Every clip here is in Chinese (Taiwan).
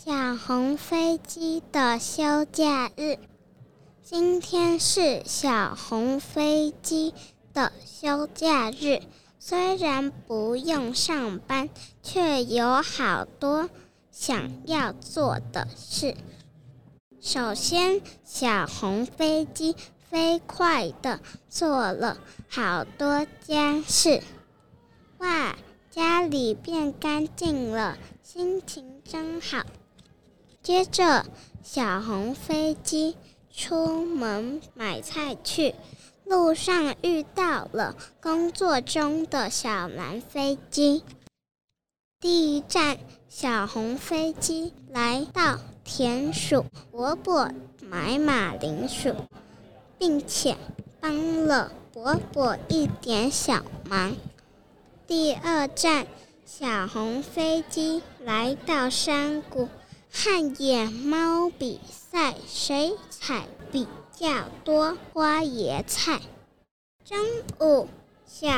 小紅飛機的休假日，今天是小紅飛機的休假日。雖然不用上班，卻有好多想要做的事。首先，小紅飛機飛快地做了好多家事。哇，家裡變乾淨了，心情真好。接着，小紅飛機出門買菜去，路上遇到了工作中的小藍飛機。第一站，小紅飛機來到田鼠伯伯買馬鈴薯，並且幫了伯伯一點小忙。第二站，小紅飛機來到山谷。看野貓比賽，誰踩比較多花椰菜。中午，小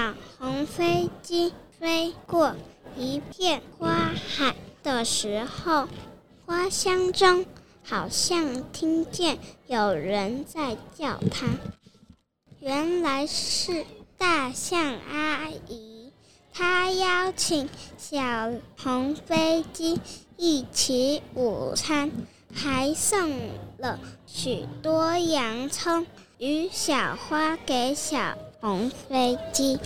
紅飛機飛過一片花海的時候，花香中好像聽見有人在叫他，原來是大象阿姨。他邀請小紅飛機一起午餐，還送了許多洋蔥與小花給小紅飛機。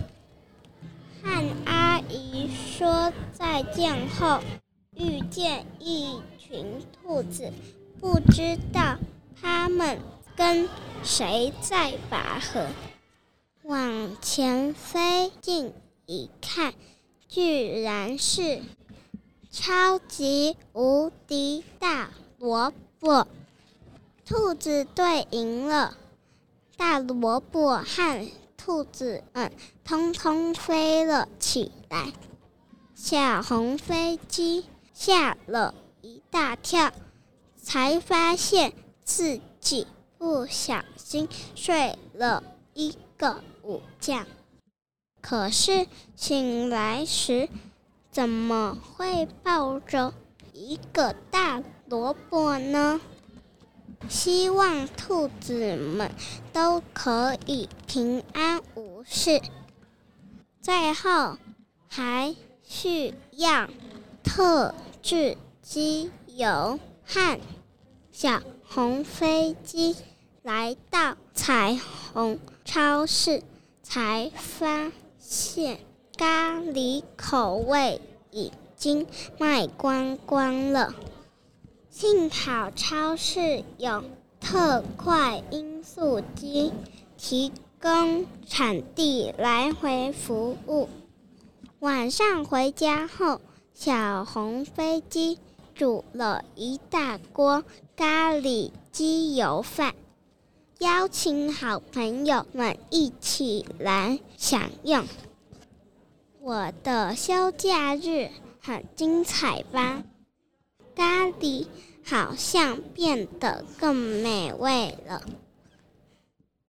漢阿姨說再見後，遇見一群兔子，不知道他們跟誰在拔河，往前飛進。一看，居然是超級無敵大蘿蔔！兔子隊贏了，大蘿蔔和兔子們、嗯、通通飛了起來。小紅飛機嚇了一大跳，才發現自己不小心睡了一個午覺。可是醒來時，怎麼會抱着一個大蘿蔔呢？希望兔子們都可以平安無事。最後，還是要特制機油、和小紅飛機來到彩虹超市，才發。現咖喱口味已經賣光光了，幸好超市有特快音速機提供產地來回服務。晚上回家後，小紅飛機煮了一大鍋咖喱雞油飯，邀請好朋友們一起來享用。我的休假日很精彩吧？咖喱好像變得更美味了。